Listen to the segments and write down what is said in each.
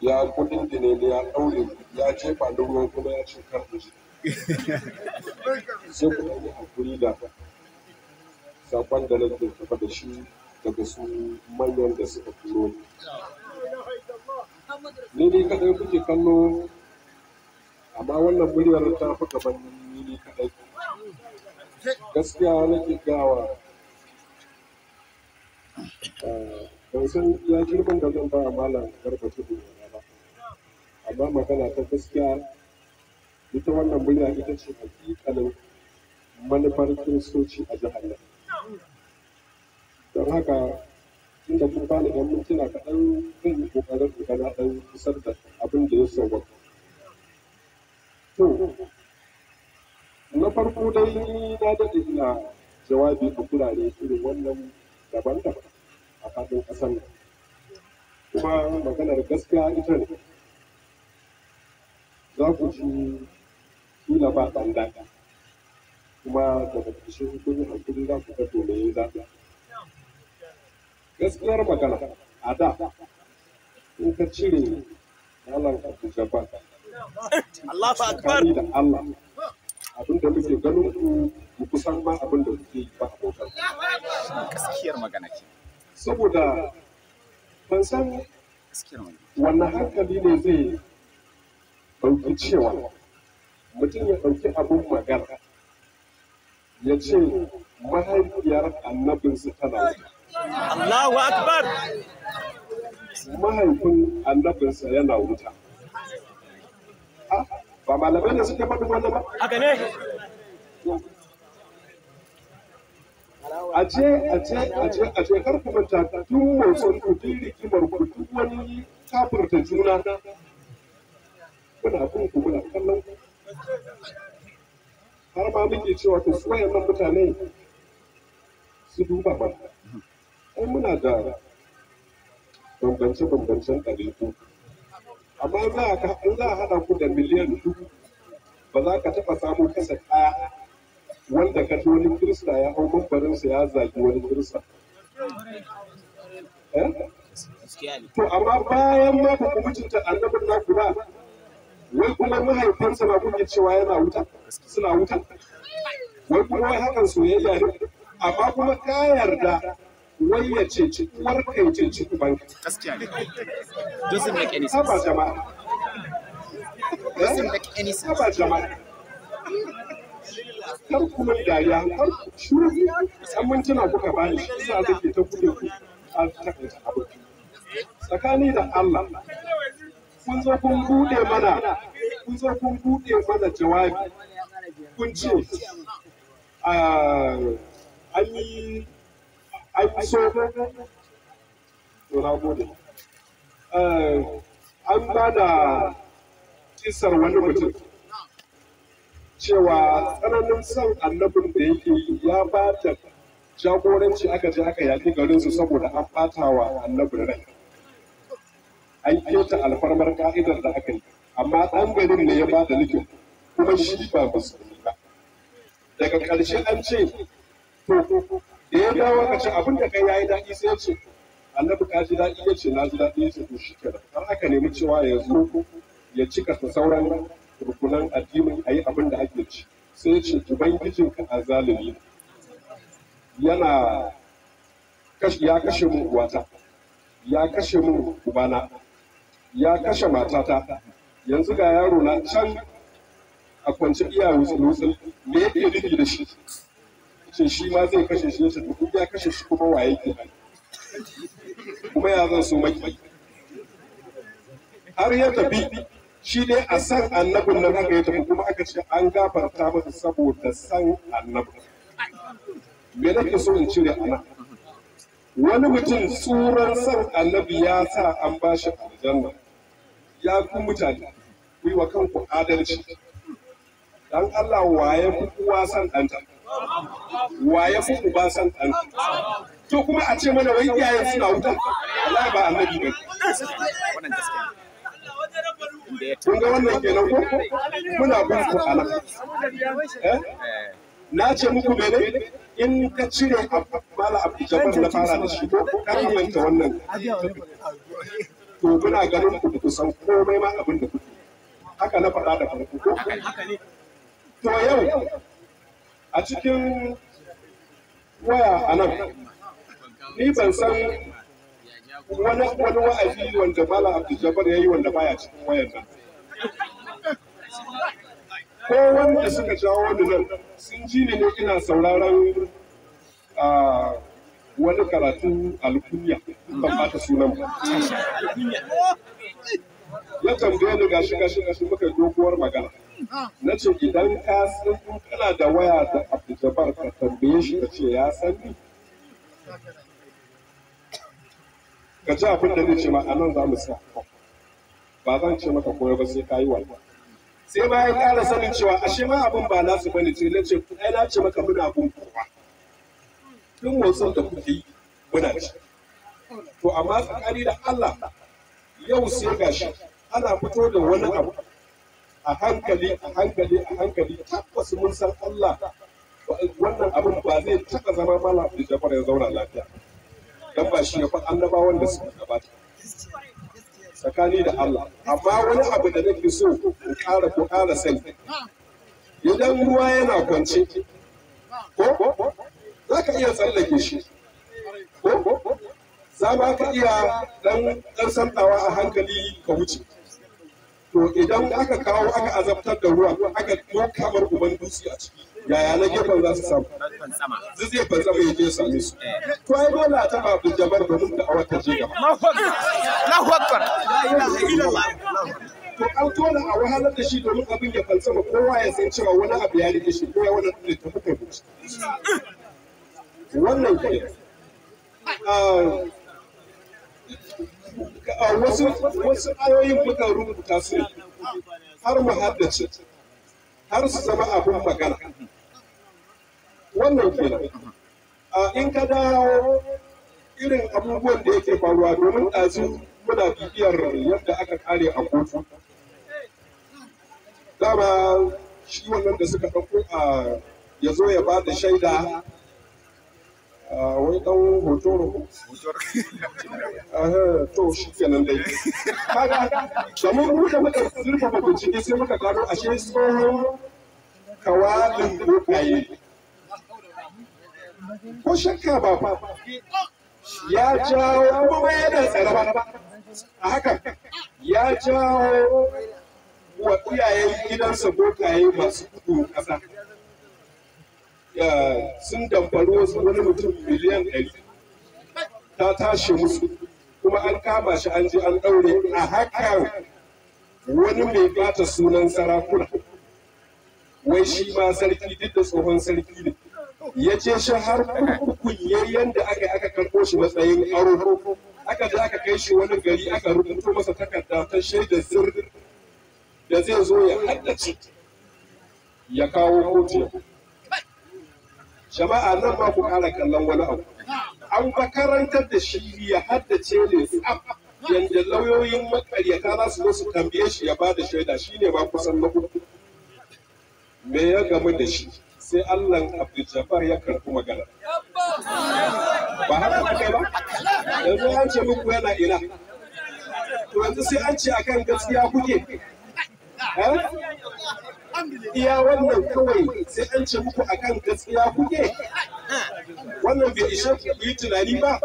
ya kudin da ya ɗaure ya jefa da ruwan kuma ya ce kar shi sai ku yi hakuri da sakon da nake tafa da shi daga su manyan da suka turo ni ne kadai kuke kallo amma wannan muryar ta fi gaban ni ne kadai gaskiya nake gawa eh, ban san ya girman da zan ba malam garba tudu amma magana ta gaskiya ita wannan murya ita ce hakikalin manufar kiristoci a jihar nan don haka inda kun bani yan mintuna kaɗan zan yi ƙoƙarin in gana ɗan kusar da abin da ya sauwa to na farko dai na daɗe ina jawabi a kurare irin wannan daban-daban a faɗin ƙasar nan kuma maganar gaskiya ita ne za ku ji kila ba ɗan daɗa kuma daga ƙarshen kun yi hankali za ku ga to yin ya gaskiyar magana a da in ka cire malam abu jabbar Allahu akbar da Allah abinda muke ganin ku mu kusan ma abinda muke yi ba abokan gaskiyar magana ke saboda ban san wannan hankali ne zai ɗauki cewa mutum ya ɗauki abin magana ya ce mahaifiyar annabinsu tana wuta. Allahu Akbar! Mahaifin annabinsa yana wuta. Ah, ba malamai ne suke faɗi wannan ba? Haka ne. Ace, ace, kar ku manta duk motsin ku, duk ku, wani kafirta juna muna bin ku muna kallon ku har ma muke cewa to su wayannan mutane su duba ba ai muna da bambance-bambancen ɗariku amma in za a haɗa ku da miliyan dubu ba za ka taɓa samu kasa ɗaya wanda ka ji wani kirista ya hau mambarinsa ya zagi wani kirista eh? to amma bayan ma ba ku mutunta annabin naku ba wai kuma mahaifinsa na kuma cewa yana wuta suna wuta wai kuma wai hakan soyayya ne amma kuma ka yarda wai ya ce ci uwar ka ya ce ci uban gaskiya ne doesn't make any sense ba jama'a doesn't eh? make any sense ba jama'a kar kuma dariya kar shuru mun mintuna kuka bani shi yasa take ta kuɗe ku a takaita abu tsakani da Allah kun zo kun bude mana kun zo kun bude mana jawabi kun ce ah, an yi an so ah, an ba da kisar wani mutum cewa tsananin son annabin da yake ya ba da jagoranci aka je aka yaƙi garinsu saboda an ɓata wa annabin rai an kyauta alfarmar ka'idar da aka yi amma ɗan garin ne ya ba da nufin kuma shi ba musulmi ba daga ƙarshe an ce to da ya dawo ka ce abin da kai yayi daɗi sai ya ce annabi ka ji daɗi ya ce na ji daɗi ya ce to shi kenan har aka nemi cewa ya zo ya cika sauran rukunan addinin a yi abin da ake ci sai ya ce ubangijinka a zalimi yana ya kashe mu uwata ya kashe mu ubana ya kashe matata yanzu ga yaro na can a kwance iya wutsul-wutsul me yake nufi da shi ce shi ma zai kashe shi yasa duk ya kashe shi kuma waye ke kuma ya zan so maki har ya tafi shi dai a san annabin nan haka ya tafi kuma aka ce an gafarta masa saboda san annabin me nake so in cire a nan wani mutum tsuran san annabi ya sa an ba shi aljanna ya ku mutane ku yi wa kanku adalci dan Allah waye fi kuwa san ɗanta waye fi uba san ɗanta to kuma a ce mana wai iyayen suna wuta ala ba annabi ba kun ga wannan kenan ko muna bin ku ala eh, eh? na ce muku mene in ka cire mala abu jabar na fara da shi ko kan manta wannan to muna ganin ku ku san komai ma abin da kuke haka na faɗa da farko ko to yau a cikin waya a nan ni ban san wani wa'azi wanda mala abu jabar yi wanda baya cikin wayan nan ko wanda suka jawo wani nan sun ji ne ina sauraron wani karatun alkunya ban bata sunan ba ya tambaye ni gashi gashi gashi muka dokuwar magana na ce idan ka san kana da waya da abdujabar ka tambaye shi ka ce ya san ni ka ji abin da ne ce ma nan za mu sa ba zan ce maka koyo ba sai ka yi walwa sai bayan ƙara sanin cewa ashe ma abin ba na su bane ce na ce ai na ce maka muna abin kowa Tun motsin da kuke yi muna ci to amma tsakani da Allah yau sai gashi ana fito da wani abu a hankali a hankali a hankali tabbas mun san Allah wannan abin ba zai taɓa zama mala da jafar ya zauna lafiya dan ba shi ya fa annabawan da suka gabata tsakani da Allah amma wani abu da nake so ku ƙara ko ƙara sani idan ruwa yana kwance ko za ka iya tsallake shi ko za ba ka iya ɗan dan santawa a hankali ka wuce to idan aka kawo aka azabtar da ruwa aka kamar uban dutse a ciki yaya na gefen za su samu duk zai fantsama ya je same su to ai dole a taba jabar domin da awar ta je gaba Allahu akbar to an tona a wahalar da shi domin abin ya fantsama kowa ya san cewa wani abu ya rike shi kowa ya wani da ta fuka buci wannan kai ah, ah, wasu wasu ayoyin muka rubuta su har mu haddace har su zama abin magana wannan kenan in ka dawo irin abubuwan da yake faruwa domin ɗazu muna bibiyar yadda aka kare a kotu dama shi wannan da suka ɗauko a ya zo ya ba da shaida wai ɗan hoto to shi kenan dai kaga kamar muka muka zurfa bincike sai muka gano ashe tsohon kawalin bokaye ko shakka ba fa ya jawo kuma da tsara ba a haka ya jawo wa iyayen gidansa bokaye masu kudu kasa sun damfari wasu wani mutum miliyan ɗari ta tashi musu kuma an kama shi an je an ɗaure a haka wani mai bata sunan sarakuna wai shi ma sarki duk da tsohon sarki ne ya ce shi har kurkukun yayyan yadda aka aka karko shi matsayin aro aka je aka kai shi wani gari aka rubuto masa takarda ta shaidar sirri da zai zo ya haddace ya kawo kotu jama'a nan ma ku ƙara kallon wani abu an makarantar da shi ya haddace ne yadda lauyoyin makaryata za su zo su tambaye shi ya ba da shaida ne ma kusan na uku me ya gamu da shi sai Allah Abdul ya karɓi magana. Ba haka kuka ba? Yanzu an ce muku yana ina. To yanzu sai an ce akan gaskiya kuke. Eh? Iya wannan kawai sai an ce muku akan gaskiya kuke. Wannan bai ishe ku yi tunani ba.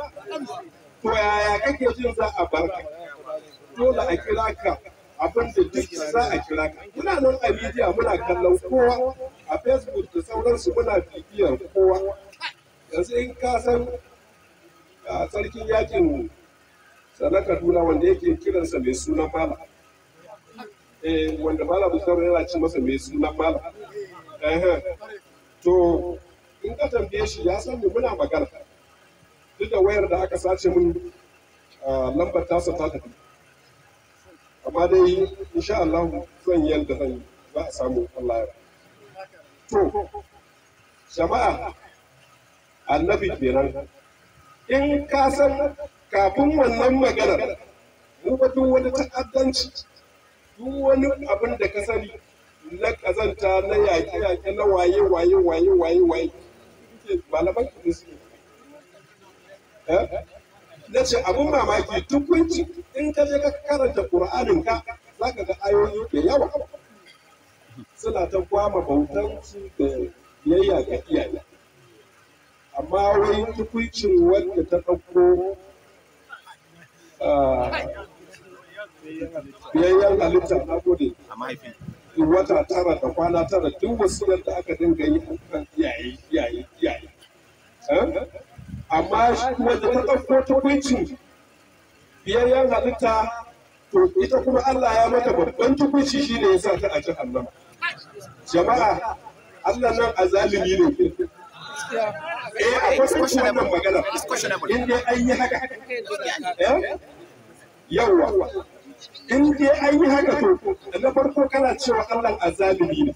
To yaya kake jin za a barka? Dole a kira ka abin da duk za a kira ka. Muna nan a midiya muna kallon kowa a facebook da sauransu muna bibiyar kowa yanzu in ka san ah, sarkin yakin sana kaduna wanda yake kiransa mai suna bala eh, wanda bala musar yana ci masa mai suna mala to in ka tambaye shi ya san muna magana duk da wayar da aka sace mun ah, lambar tasa ta tafi amma dai insha Allah zan yi yadda zan yi, za a samu Allah ya to jama'a annabi kenan in ka san kafin wannan maganar mu duk wani ta'addanci duk wani abin da ka sani na kazanta na yaƙe-yaƙe na waye waye waye waye waye malaman kudu suke eh? na ce abin mamaki duk in ka je ka karanta ƙur'aninka za ka ga ayoyi da yawa suna ta kwama bautansu da biyayya ga iyaye amma wai tukuncin wanda ta ɗauko ah, biyayyar halitta na gode in wata tara da kwana tara duk wasu yadda aka dinga yi kan iyaye iyaye iyaye eh? amma wanda ta ɗauko tukuncin biyayyen halitta to ita kuma Allah ya mata babban tukunci shi ne ya sa ta a jahannama jama'a Allah nan azalimi ne eh a sauki wannan magana in dai an yi haka eh? yawwa in an yi haka to na farko kana cewa Allah azalimi ne